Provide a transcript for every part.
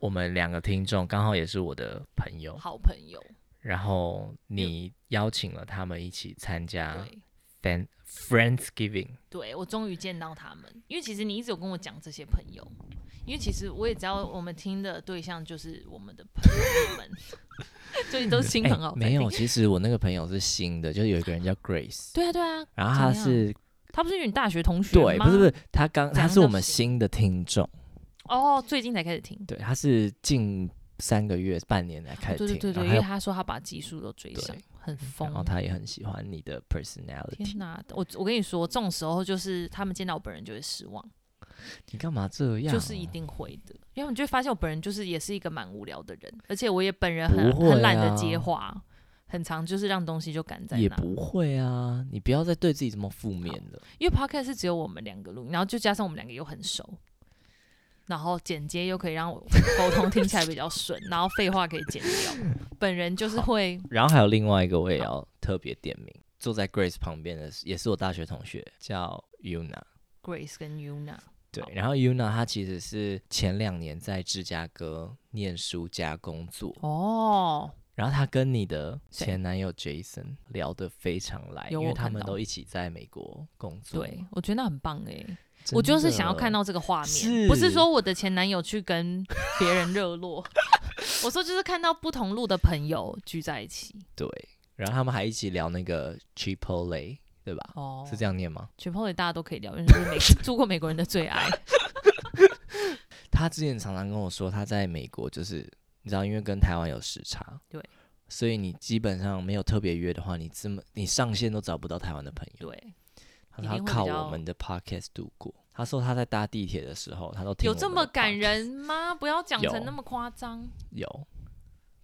我們兩個聽眾剛好也是我的朋友，好朋友。然後你邀請了他們一起參加 Friendsgiving 對，對，我終於見到他們，因為其實你一直有跟我講這些朋友，因為其實我也知道我們聽的對象就是我們的朋友們，所以 都新朋友。沒有，其實我那個朋友是新的，就是有一個人叫 Grace，對啊，對啊。然後他是，他不是因為你大學同學嗎？對，不是不是，他剛是他是我們新的聽眾。哦，oh, 最近才開始聽。對，他是近三個月、半年才開始聽。哦。對對對對，因為他說他把集數都追上，對很瘋。然後他也很喜歡你的 personality。天哪，我我跟你說，這種時候就是他們見到我本人就會失望。你幹嘛這樣？啊。就是一定會的，因為你就會發現我本人就是也是一個蠻無聊的人，而且我也本人很，啊，很懶得接話，很常就是讓東西就趕在那。也不會啊！你不要再對自己這麼負面了。因為 podcast 是只有我們兩個錄音，然後就加上我們兩個又很熟。然後剪接又可以讓我溝通聽起來比較順， 然後廢話可以剪掉。本人就是會。然後還有另外一個，我也要特別點名，好坐在 Grace 旁邊的也是我大學同學，叫 Yuna。Grace 跟 Yuna。對，好然後 Yuna 她其實是前兩年在芝加哥念書加工作。哦。然後她跟你的前男友 Jason 聊得非常來，對因為他們都一起在美國工作。對，我覺得那很棒欸。我就是想要看到這個畫面，不是說我的前男友去跟別人熱絡， 我說就是看到不同路的朋友聚在一起。對，然後他們還一起聊那個 Chipotle，對吧？哦，oh, 是這樣念嗎？Chipotle 大家都可以聊，因為是美住過美國人的最愛。 他之前常常跟我說，他在美國就是你知道，因為跟台灣有時差，對，所以你基本上沒有特別約的話，你這麼你上線都找不到台灣的朋友。對。然後他靠我們的 podcast 度過。他說他在搭地鐵的時候，他都聽我們。有這麼感人嗎？不要講成那麼誇張。有，有，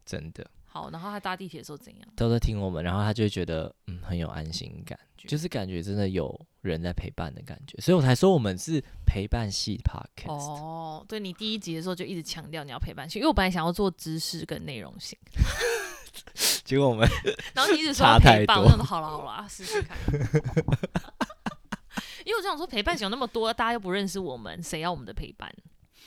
真的。好，然後他搭地鐵的時候怎樣？都在聽我們，然後他就覺得嗯，很有安心感覺，嗯、就是感覺真的有人在陪伴的感覺，嗯、所以我才說我們是陪伴系 podcast。哦，oh, 對你第一集的時候就一直強調你要陪伴系，因為我本來想要做知識跟內容型。 結果我們 然後你一直說陪伴，我說好了好了，好啦試試看。 因為我這樣說陪伴想那麼多， 大家又不認識我們，誰要我們的陪伴？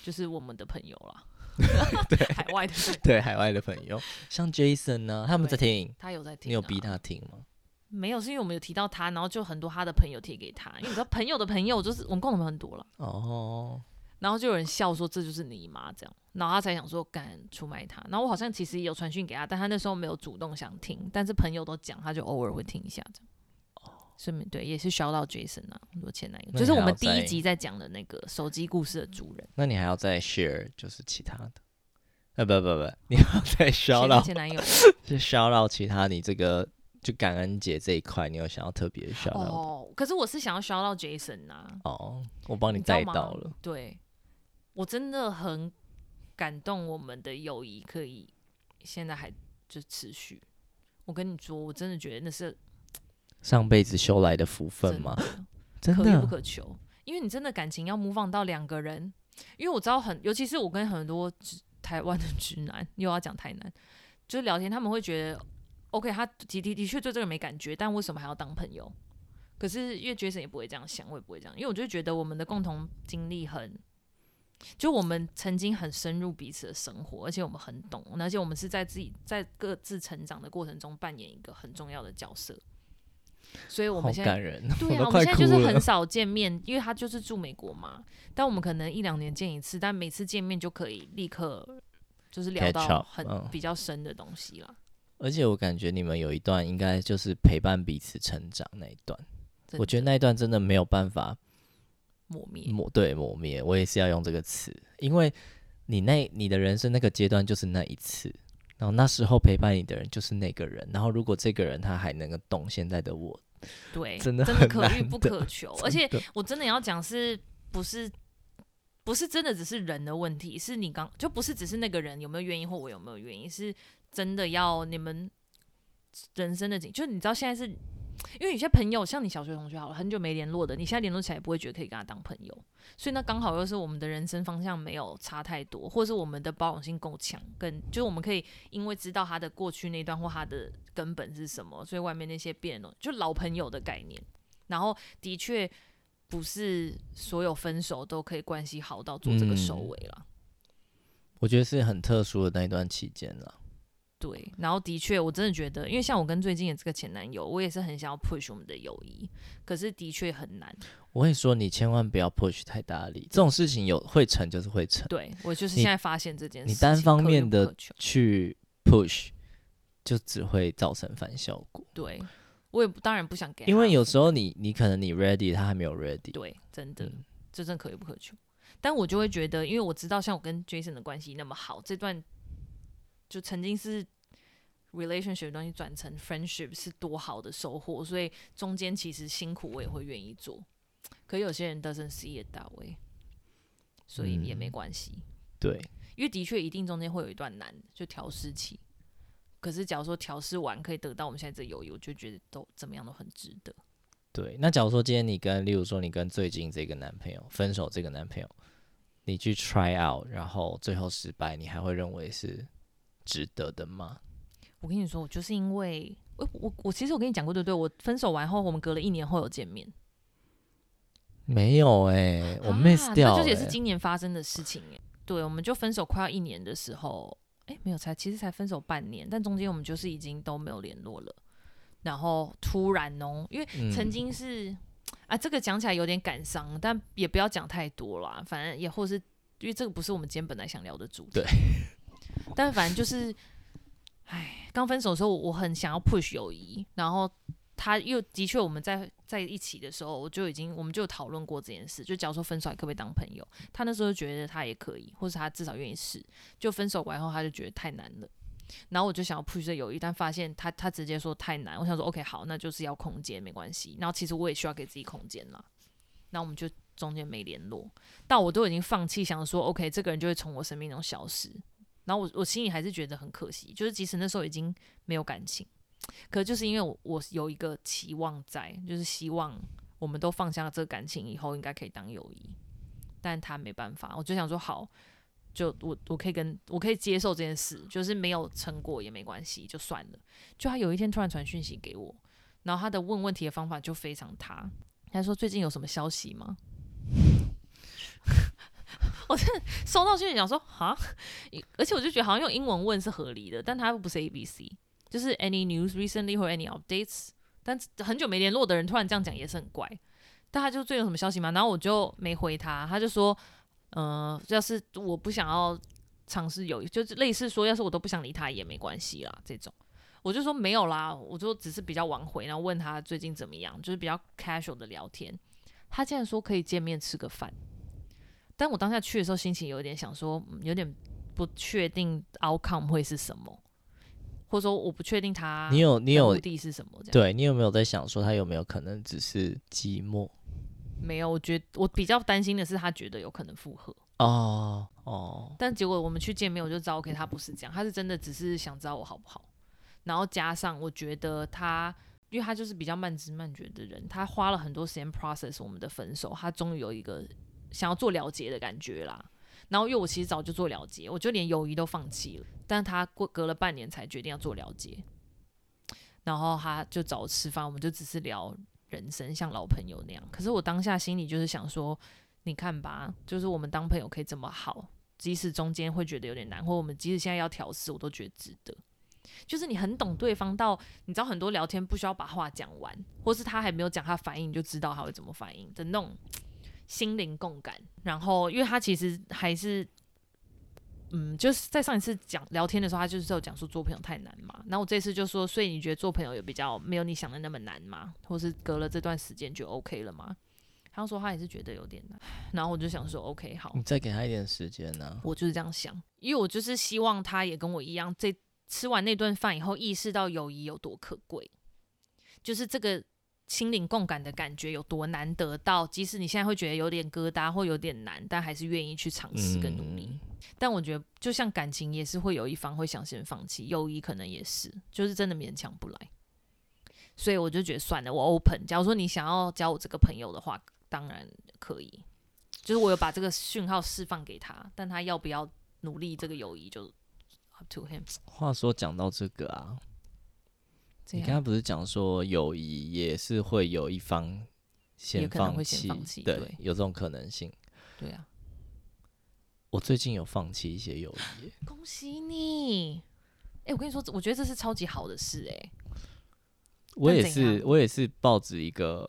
就是我們的朋友了。 對， 海外的對， 對海外的朋友，像 Jason 呢、啊，他們在聽，他有在聽、啊，你有逼他聽嗎、啊？沒有，是因為我們有提到他，然後就很多他的朋友貼給他，因為你知道朋友的朋友就是我們共同很多了哦。 然後就有人笑說這就是你媽這樣，然後他才想說敢出賣他。然後我好像其實也有傳訊給他，但他那時候沒有主動想聽，但是朋友都講，他就偶爾會聽一下這樣。順便對，也是 shout out Jason 啊，很多前男友，就是我們第一集在講的那個手機故事的主人，那你還要再 share 就是其他的？呃、欸，不，不不不，你要再 shout out 前男友， 就 shout out 其他你這個就感恩節，這一塊，你有想要特別 shout out 哦？Oh, 可是我是想要 shout out Jason 吶、啊。哦，oh, 我幫你帶到了。對，我真的很感動，我們的友誼可以現在還就持續。我跟你說，我真的覺得那是。上輩子修來的福分嗎？真的可遇不可求，的因為你真的感情要模仿到兩個人。因為我知道很，尤其是我跟很多台灣的直男，又要講台南，就是聊天，他們會覺得 OK，他的的確對這個沒感覺，但為什麼還要當朋友？可是因為覺 a 也不會這樣想，我也不會這樣，因為我就覺得我們的共同經歷很，就我們曾經很深入彼此的生活，而且我們很懂，而且我們是在自己在各自成長的過程中扮演一個很重要的角色。所以我們現在感人對啊，我，我們現在就是很少見面，因為他就是住美國嘛。 但我們可能一兩年見一次，但每次見面就可以立刻就是聊到很比較深的東西了。而且我感覺你們有一段應該就是陪伴彼此成長那一段，正正我覺得那一段真的沒有辦法磨滅。磨對磨滅，我也是要用這個詞，因為你那你的人生那個階段就是那一次。然後那時候陪伴你的人就是那個人。然後如果這個人他還能夠懂現在的我，對，真的，真的可遇不可求。真的。而且我真的要講是不是不是真的只是人的問題？是你剛就不是只是那個人有沒有原因，或我有沒有原因？是真的要你們人生的景，就是你知道現在是。因為有些朋友，像你小學同學，好了，很久沒聯絡的，你現在聯絡起來也不會覺得可以跟他當朋友，所以那剛好又是我們的人生方向沒有差太多，或是我們的包容性夠強，跟就是我們可以因為知道他的過去那段或他的根本是什麼，所以外面那些變了，就老朋友的概念，然後的確不是所有分手都可以關係好到做這個收尾了。我覺得是很特殊的那一段期間了。對，然後的確，我真的覺得，因為像我跟最近的這個前男友，我也是很想要 push 我們的友誼，可是的確很難。我會說，你千萬不要 push 太大力，這種事情有會成就是會成。對，我就是現在發現這件事情，你單方面的去 push 就只會造成反效果。對，我也不當然不想給，因為有時候你你可能你 ready，他還沒有 ready。對，真的這、嗯、真的可遇不可求。但我就會覺得，因為我知道像我跟 Jason 的關係那麼好，這段。就曾經是 relationship 的東西轉成 friendship 是多好的收穫，所以中間其實辛苦我也會願意做。可有些人 doesn't see it that way，所以也沒關係。嗯，對，因為的確一定中間會有一段難，就調適期。可是假如說調適完可以得到我們現在這友誼，我就覺得都怎麼樣都很值得。對，那假如說今天你跟，例如說你跟最近這個男朋友分手，這個男朋友你去 try out，然後最後失敗，你還會認為是？值得的嗎？我跟你說，我就是因為我我我其實我跟你講過的，對，對，對，我分手完後，我們隔了一年後有見面，沒有哎、欸，啊、我 miss 掉，那也是今年發生的事情、欸、對，我們就分手快要一年的時候，哎、欸，沒有才其實才分手半年，但中間我們就是已經都沒有聯絡了。然後突然哦、喔，因為曾經是、嗯、啊，這個講起來有點感傷，但也不要講太多啦，反正也或是因為這個不是我們今天本來想聊的主題。對但反正就是，唉，剛分手的時候，我很想要 push 友誼，然後他又的確我們在在一起的時候，我就已經我們就討論過這件事，就假如說分手還可不可以當朋友。他那時候就覺得他也可以，或是他至少願意試。就分手完後，他就覺得太難了。然後我就想要 push 這友誼，但發現他他直接說太難。我想說 OK 好，那就是要空間沒關係。然後其實我也需要給自己空間啦。然後我們就中間沒聯絡，但我都已經放棄，想說 OK 這個人就會從我生命中消失。然後我我心裡還是覺得很可惜，就是即使那時候已經沒有感情，可就是因為我我有一個期望在，就是希望我們都放下了這個感情以後，應該可以當友誼。但他沒辦法，我就想說好，就我我可以跟我可以接受這件事，就是沒有成果也沒關係，就算了。就他有一天突然傳訊息給我，然後他的問問題的方法就非常塌。他說：“最近有什麼消息嗎？” 我真的收到信息，就想說哈，而且我就覺得好像用英文問是合理的，但他不是 A B C，就是 Any news recently 或 Any updates，但很久沒聯絡的人突然這樣講也是很怪，但他就最近有什麼消息嗎？然後我就沒回他，他就說，嗯、呃，要是我不想要嘗試有，就是類似說要是我都不想理他也沒關係啦這種，我就說沒有啦，我就只是比較晚回，然後問他最近怎麼樣，就是比較 casual 的聊天，他竟然說可以見面吃個飯。但我當下去的時候，心情有點想說，有點不確定 outcome 會是什麼，或者說我不確定他你有你有目的是什麼這樣？對你有沒有在想說他有沒有可能只是寂寞？沒有，我覺得我比較擔心的是他覺得有可能復合。哦哦，但結果我們去見面，我就知道 OK，他不是這樣，他是真的只是想知道我好不好。然後加上我覺得他，因為他就是比較慢知慢覺的人，他花了很多時間 process 我們的分手，他終於有一個。想要做了結的感覺啦，然後因為我其實早就做了結，我就連友誼都放棄了。但他過隔了半年才決定要做了結，然後他就找我吃飯，我們就只是聊人生，像老朋友那樣。可是我當下心裡就是想說，你看吧，就是我們當朋友可以這麼好，即使中間會覺得有點難，或我們即使現在要調適，我都覺得值得。就是你很懂對方，到你知道很多聊天不需要把話講完，或是他還沒有講，他反應你就知道他會怎麼反應的那種。心靈共感，然後因為他其實還是，嗯，就是在上一次講聊天的時候，他就是有講說做朋友太難嘛。然後我這次就說，所以你覺得做朋友有比較沒有你想的那麼難嗎？或是隔了這段時間就 OK 了嗎？他說他也是覺得有點難，然後我就想說 OK 好，你再給他一點時間呢、啊？我就是這樣想，因為我就是希望他也跟我一樣，這吃完那頓飯以後意識到友誼有多可貴，就是這個。心靈共感的感覺有多難得到？即使你現在會覺得有點疙瘩或有點難，但還是願意去嘗試跟努力。嗯、但我覺得，就像感情也是會有一方會想先放棄，友誼可能也是，就是真的勉強不來。所以我就覺得算了，我 open。假如說你想要交我這個朋友的話，當然可以。就是我有把這個訊號釋放給他，但他要不要努力這個友誼就 up to him。話說講到這個啊。你剛剛不是講說友誼也是會有一方先放棄？對，有這種可能性。對啊，我最近有放棄一些友誼。恭喜你！哎、欸，我跟你說，我覺得這是超級好的事哎。我也是，我也是抱着一個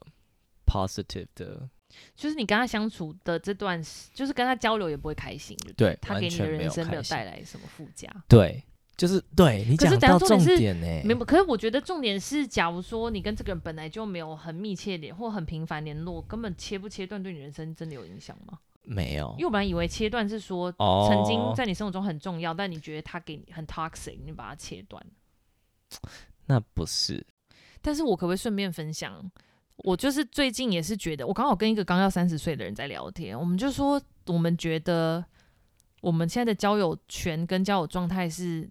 positive 的，就是你跟他相處的這段，就是跟他交流也不會開心，對，對，對他給你的人生沒有帶來什麼附加，對。就是對你講到重點呢，沒？可是我覺得重點是，假如說你跟這個人本來就沒有很密切聯或很頻繁聯絡，根本切不切斷，對你人生真的有影響嗎？沒有，因為我本來以為切斷是說曾經在你生活中很重要，哦、但你覺得他給你很 toxic，你把它切斷。那不是。但是我可不可以順便分享？我就是最近也是覺得，我剛好跟一個剛要三十歲的人在聊天，我們就說我們覺得我們現在的交友圈跟交友狀態是。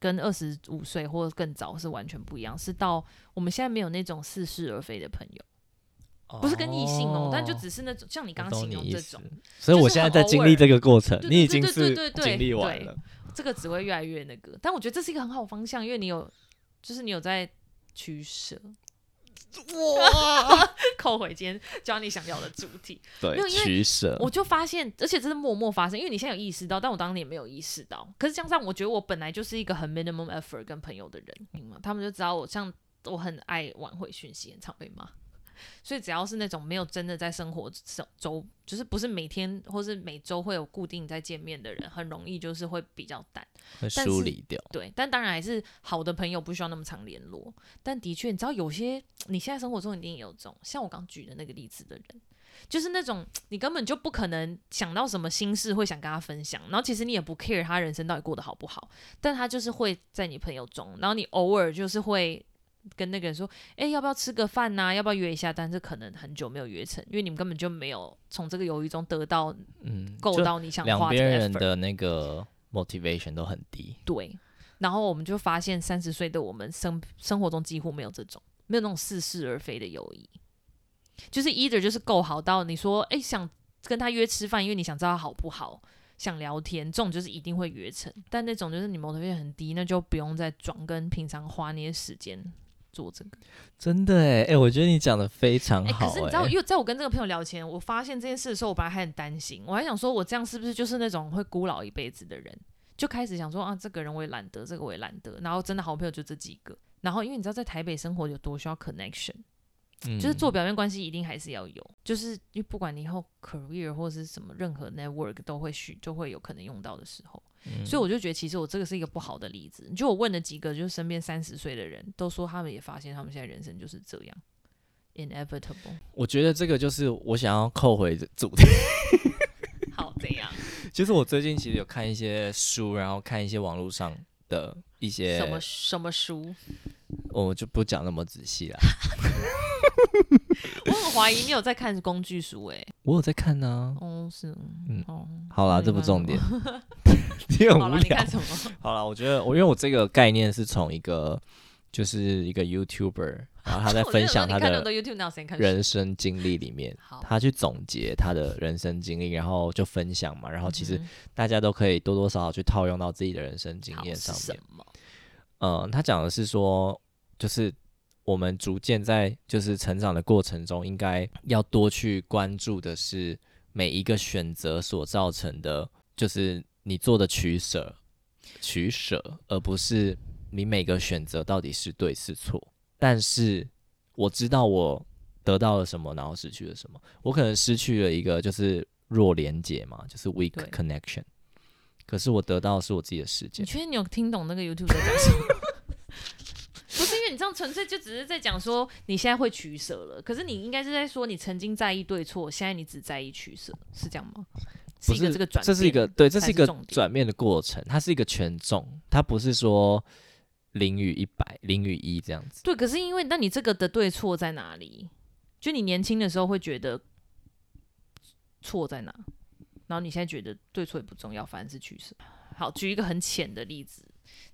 跟二十五歲或者更早是完全不一樣，是到我們現在沒有那種似是而非的朋友，不是跟異性、喔、哦，但就只是那種像你剛剛形容這種，所以我現在在經歷這個過程，你已經是經歷完了，對對對對對，這個只會越來越那個。但我覺得這是一個很好的方向，因為你有，就是你有在取舍。我、啊、 扣回今天 Johnny 想要的主題。對，取捨。我就發現，捨而且真的默默發生，因為你現在有意識到，但我當年沒有意識到。可是加上，我覺得我本來就是一個很 minimum effort 跟朋友的人，他們就知道我像我很愛晚回訊息，演唱會嗎？所以只要是那種沒有真的在生活周，就是不是每天或是每周會有固定在見面的人，很容易就是會比較淡，會疏離掉。對，但當然還是好的朋友不需要那麼常聯絡。但的確，你知道有些你現在生活中一定也有這種，像我剛舉的那個例子的人，就是那種你根本就不可能想到什麼心事會想跟他分享，然後其實你也不 care 他人生到底過得好不好，但他就是會在你朋友中，然後你偶爾就是會。跟那個人說，哎、欸，要不要吃個飯啊，要不要約一下？但是可能很久沒有約成，因為你們根本就沒有從這個友誼中得到，嗯，夠到你想花的。兩邊人的那個 motivation 都很低。對。然後我們就發現，三十歲的我們生生活中幾乎沒有這種，沒有那種似是而非的友誼。就是 either 就是夠好到你說，哎、欸，想跟他約吃飯，因為你想知道他好不好，想聊天，這種就是一定會約成。但那種就是你 motivation 很低，那就不用再裝，跟平常花那些時間。做這個，真的哎、欸、哎、欸，我覺得你講得非常好，欸欸。可是你知道，因為在我跟這個朋友聊前，我發現這件事的時候，我本來還很擔心，我還想說我這樣是不是就是那種會孤老一輩子的人，就開始想說啊，這個人我也懶得，這個我也懶得。然後真的好朋友就這幾個。然後因為你知道，在台北生活有多需要 connection，嗯、就是做表面關係一定還是要有，就是不管你以後 career 或是什麼任何 network 都會去，就會有可能用到的時候。嗯、所以我就覺得，其實我這個是一個不好的例子。就我問了幾個，就是身邊三十歲的人都說，他們也發現他們現在人生就是這樣，inevitable。In e、我覺得這個就是我想要扣回主題。好，這樣。其實我最近其實有看一些書，然後看一些網絡上的一些什麼什麼書，我就不講那麼仔細了、啊。 我很懷疑你有在看工具書哎，欸， 我有在看呢，啊。哦，是，嗯，哦，好啦，啊，這不重點， 你很無聊。 好了，我覺得我因為我這個概念是從一個就是一個 YouTuber，然後他在分享，啊，他的人生經歷裡面，他去總結他的人生經歷，然後就分享嘛，然後其實大家都可以多多少少去套用到自己的人生經驗上面。嗯，呃，他講的是說，就是。我們逐漸在就是成長的過程中，應該要多去關注的是每一個選擇所造成的，就是你做的取捨，取捨，而不是你每個選擇到底是對是錯。但是我知道我得到了什麼，然後失去了什麼。我可能失去了一個就是弱連接嘛，就是 weak connection 對。可是我得到的是我自己的時間。你確定你有聽懂那個 YouTube 的感受？ 不是因為你這樣純粹就只是在講說你現在會取舍了，可是你應該是在說你曾經在意對錯，現在你只在意取舍，是這樣嗎？是，是一個這個轉變的，這是一個對，這是一個是轉變的過程，它是一個權重，它不是說零與一百，零與一這樣子。對，可是因為那你這個的對錯在哪裡？就你年輕的時候會覺得錯在哪，然後你現在覺得對錯也不重要，反正是取舍。好，舉一個很淺的例子，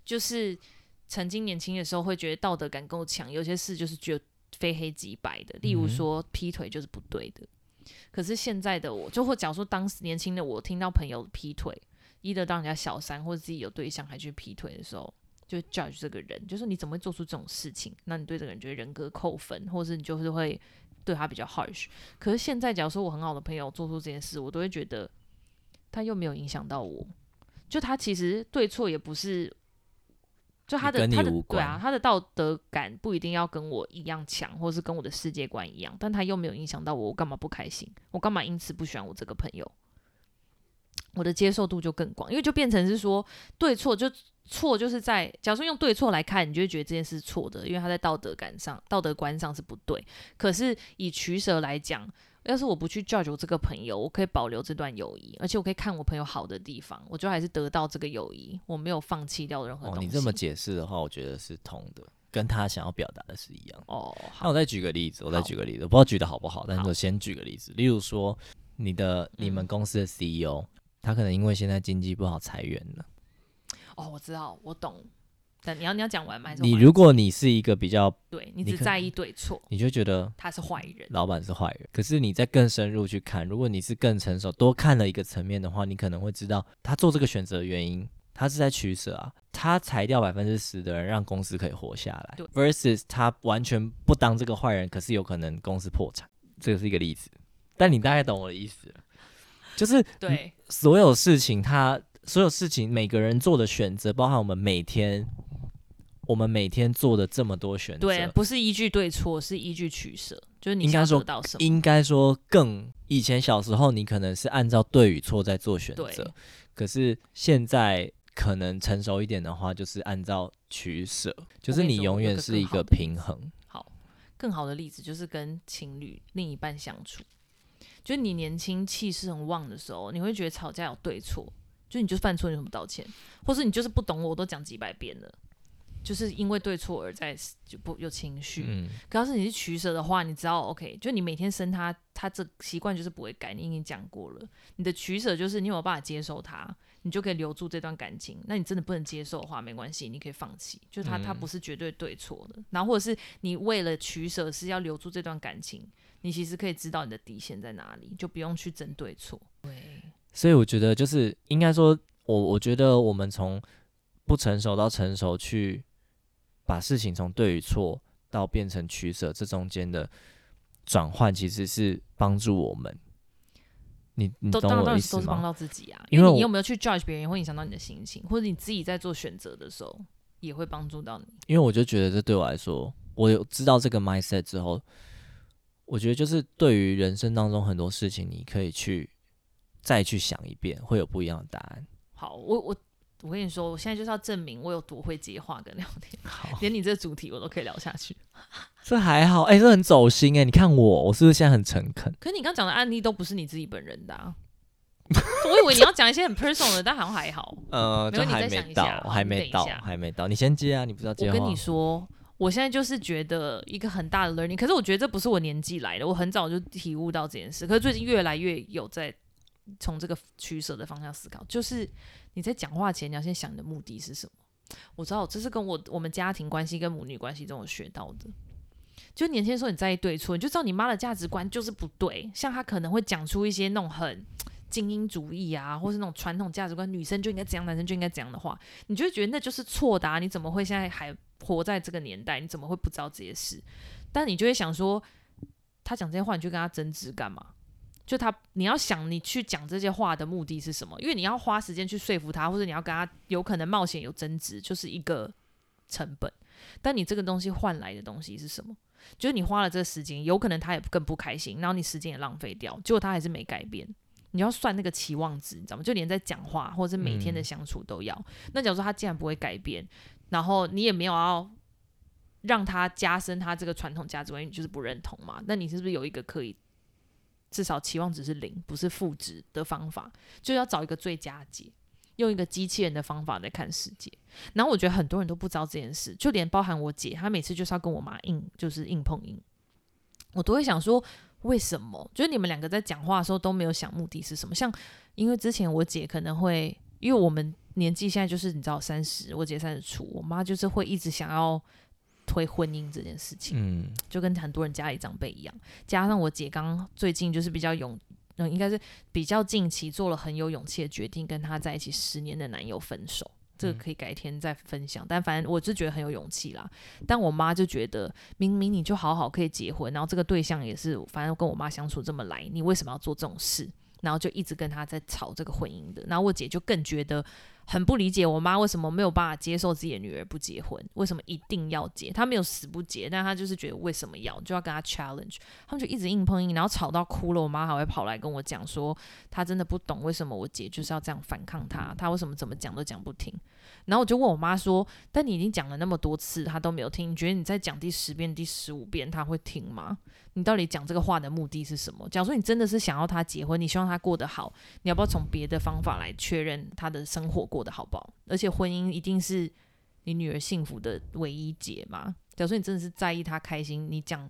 就是。曾經年輕的時候會覺得道德感夠強，有些事就是覺得非黑即白的，例如說劈腿就是不對的。嗯、哼可是現在的我，就會講說，當時年輕的我，聽到朋友劈腿，一直當人家小三或者自己有對象還去劈腿的時候，就 judge 這個人，就是你怎麼會做出這種事情？那你對這個人覺得人格扣分，或是你就是會對他比較 harsh。可是現在，假如說我很好的朋友做出這件事，我都會覺得他又沒有影響到我，就他其實對錯也不是。就他的跟你無關，他的對啊，他的道德感不一定要跟我一樣強，或是跟我的世界觀一樣，但他又沒有影響到我，我幹嘛不開心？我幹嘛因此不喜歡我這個朋友？我的接受度就更廣，因為就變成是說對錯就錯就是在，假如說用對錯來看，你就會覺得這件事是錯的，因為他在道德感上、道德觀上是不對，可是以取舍來講。要是我不去 judge 我這個朋友，我可以保留這段友誼，而且我可以看我朋友好的地方，我就還是得到這個友誼，我沒有放棄掉任何東西。哦，你這麼解釋的話，我覺得是通的，跟他想要表達的是一樣的。哦，好，那我再舉個例子，我再舉個例子，好我不知道舉得好不好，但是我先舉個例子，好例如說你的你們公司的 CEO，、嗯、他可能因為現在經濟不好裁員了。哦，我知道，我懂。你要你要講完嗎？你如果你是一個比較對，你只在意對錯，你就覺得他是壞人，老闆是壞人。可是你在更深入去看，如果你是更成熟，多看了一個層面的話，你可能會知道他做這個選擇的原因，他是在取舍啊。他裁掉百分之十的人，讓公司可以活下來對，versus 他完全不當這個壞人，可是有可能公司破產。這是一個例子。但你大概懂我的意思了，就是對所有事情他，他所有事情，每個人做的選擇，包含我們每天。我們每天做的這麼多選擇，對，不是依據對錯，是依據取捨。就是你應該說到什麼？應該說更以前小時候，你可能是按照對與錯在做選擇，對。可是現在可能成熟一點的話，就是按照取捨，就是你永遠是一個平衡。好，好，更好的例子就是跟情侶另一半相處。就是你年輕氣勢很旺的時候，你會覺得吵架有對錯，就你就是犯錯，你很不道歉，或是你就是不懂我，我都講幾百遍了。就是因為對錯而在就不有情緒。嗯、可要是你是取捨的話，你知道，OK，就你每天生他，他這習慣就是不會改。你已經講過了，你的取捨就是你有沒有辦法接受他，你就可以留住這段感情。那你真的不能接受的話，沒關係，你可以放棄。就他，他不是絕對對錯的。嗯、然後，或者是你為了取捨是要留住這段感情，你其實可以知道你的底線在哪裡，就不用去爭對錯。對。所以我覺得就是應該說我，我我覺得我們從不成熟到成熟去。把事情從對與錯到變成取舍，這中間的轉換其實是幫助我們。你你懂我的意思嗎？都幫到自己啊，因為，因為你有沒有去 judge 別人，會影響到你的心情，或者你自己在做選擇的時候也會幫助到你。因為我就覺得這對我來說，我有知道這個 mindset 之後，我覺得就是對於人生當中很多事情，你可以去再去想一遍，會有不一樣的答案。好，我我。我跟你說，我現在就是要證明我有多會接話跟聊天，好連你這個主題我都可以聊下去。這還好，哎、欸，這很走心哎、欸！你看我，我是不是現在很誠懇？可是你剛講的案例都不是你自己本人的、啊， 我以為你要講一些很 personal 的， 但好像還好。呃，沒有，就還沒到，你再想一下，還沒，一，還沒到，還沒到，你先接啊！你不知道接。我跟你說，我現在就是覺得一個很大的 learning，可是我覺得這不是我年紀來的，我很早就體悟到這件事，可是最近越來越有在。從這個取捨的方向思考，就是你在講話前，你要先想你的目的是什麼？我知道這是跟我我們家庭關係跟母女關係中我學到的。就年輕時候，你在意對錯，你就知道你媽的價值觀就是不對。像她可能會講出一些那種很精英主義啊，或是那種傳統價值觀，女生就應該怎樣，男生就應該怎樣的話，你就會覺得那就是錯的啊。你怎麼會現在還活在這個年代？你怎麼會不知道這些事？但你就會想說，她講這些話，你就跟她爭執幹嘛？就他，你要想你去講這些話的目的是什麼？因為你要花時間去說服他，或者你要跟他有可能冒險有爭執，就是一個成本。但你這個東西換來的東西是什麼？就是你花了這個時間，有可能他也更不開心，然後你時間也浪費掉，結果他還是沒改變。你要算那個期望值，你知道嗎？就連在講話或者是每天的相處都要。嗯、那假如說他既然不會改變，然後你也沒有要讓他加深他這個傳統價值觀，你就是不認同嘛。那你是不是有一個可以？至少期望值是零，不是負值的方法，就要找一個最佳解，用一個機器人的方法來看世界。然後我覺得很多人都不知道這件事，就連包含我姐，她每次就是要跟我媽硬，就是硬碰硬，我都會想說，為什麼？就是你們兩個在講話的時候都沒有想目的是什麼？像因為之前我姐可能會，因為我們年紀現在就是你知道，三十，我姐三十初，我媽就是會一直想要。推婚姻這件事情，嗯，就跟很多人家裡長輩一樣，加上我姐剛最近就是比較勇，嗯，應該是比較近期做了很有勇氣的決定，跟她在一起十年的男友分手，嗯，這個可以改天再分享。但反正我就覺得很有勇氣啦。但我媽就覺得，明明你就好好可以結婚，然後這個對象也是，反正跟我媽相處這麼來，你為什麼要做這種事？然後就一直跟他在吵這個婚姻的。然後我姐就更覺得很不理解，我媽為什麼沒有辦法接受自己的女兒不結婚，為什麼一定要結？她沒有死不結，但她就是覺得為什麼要就要跟她 challenge，他們就一直硬碰硬，然後吵到哭了，我媽還會跑來跟我講說，她真的不懂為什麼我姐就是要這樣反抗她，她為什麼怎麼講都講不聽。然後我就問我媽說：“但你已經講了那麼多次，她都沒有聽。你覺得你在講第十遍、第十五遍，她會聽嗎？你到底講這個話的目的是什麼？假如說你真的是想要她結婚，你希望她過得好，你要不要從別的方法來確認她的生活過得好不好？而且婚姻一定是你女兒幸福的唯一解嘛？假如說你真的是在意她開心，你講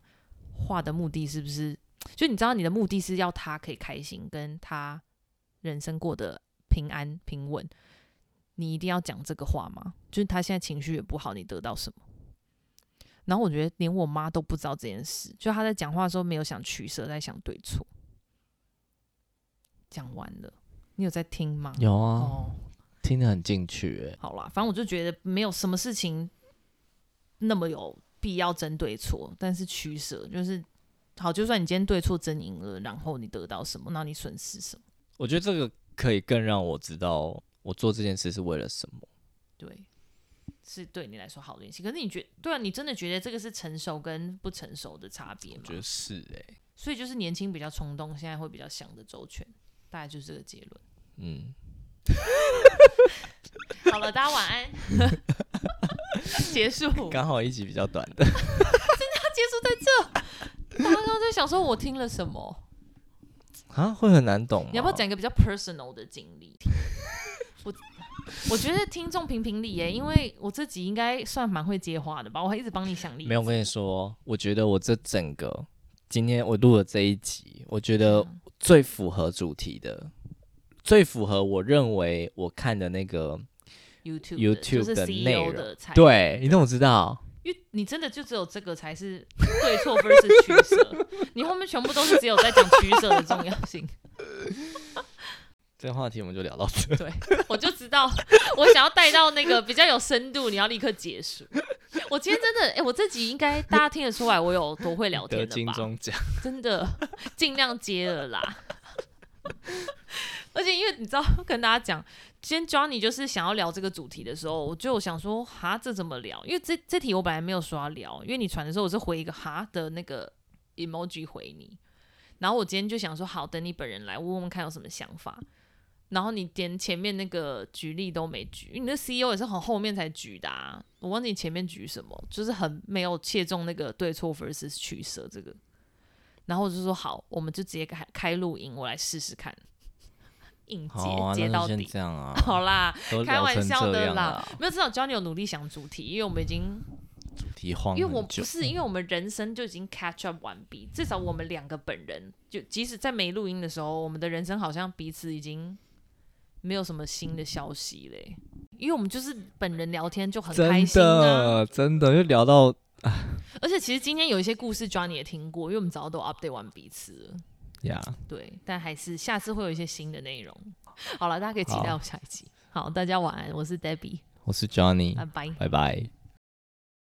話的目的是不是？就你知道你的目的是要她可以開心，跟她人生過得平安平穩。”你一定要講這個話嗎？就是他現在情緒也不好，你得到什麼？然後我覺得連我媽都不知道這件事，就他在講話的時候沒有想取捨，在想對錯。講完了，你有在聽嗎？有啊。哦，聽得很進去。哎，好啦，反正我就覺得沒有什麼事情那麼有必要爭對錯，但是取捨就是好。就算你今天對錯爭贏了，然後你得到什麼？那你損失什麼？我覺得這個可以更讓我知道。我做這件事是為了什麼？對，是對你來說好的東西。可是你覺，對啊，你真的覺得這個是成熟跟不成熟的差別嗎？我覺得是、欸、所以就是年輕比較衝動，現在會比較想的周全，大概就是這個結論。嗯， 好了，大家晚安， 結束。剛好一集比較短的， 真的要結束在這？我剛剛在想說我聽了什麼啊？會很難懂，啊，你要不要講一個比較 personal 的經歷？我我覺得聽眾評評理耶，因為我這集應該算蠻會接話的吧？我還一直幫你想例子。沒有，我跟你說，我覺得我這整個今天我錄的這一集，我覺得最符合主題的，嗯、最符合我認為我看的那個 YouTube YouTube 的內容的才對，對，你怎麼知道？因為你真的就只有這個才是對錯，不是取舍。 你後面全部都是只有在講取舍的重要性。 這話題我們就聊到這。對，我就知道， 我想要帶到那個比較有深度，你要立刻結束。我今天真的，哎、欸，我這集應該大家聽得出來我有多會聊天的吧？得金鐘獎，真的儘量接了啦。 而且因為你知道，跟大家講，今天 Johnny 就是想要聊這個主題的時候，我就想說，哈，這怎麼聊？因為這這題我本來沒有說要聊，因為你傳的時候，我是回一個哈的那個 emoji 回你。然後我今天就想說，好，等你本人來，問問看有什麼想法。然後你點前面那個舉例都沒舉，你那 CEO 也是很後面才舉的啊。我問你前面舉什麼，就是很沒有切中那個對錯 versus 取捨這個。然後我就說好，我們就直接開開錄音，我來試試看，硬接，啊、接到底。這樣啊，好啦，開玩笑的啦。啊、沒有至少 Johnny 有努力想主題，因為我們已經主題慌，因為我不是，因為我們人生就已經 catch up 完畢。至少我們兩個本人，就即使在沒錄音的時候，我們的人生好像彼此已經。沒有什麼新的消息嘞，因為我們就是本人聊天就很開心、啊、真的真的，又聊到， 而且其實今天有一些故事，Johnny 也聽過，因為我們早就都 update 完彼此了 Yeah. 對，但還是下次會有一些新的內容。好了，大家可以期待我下一集。好，好，大家晚安，我是 Debbie，我是 Johnny，拜拜，拜拜。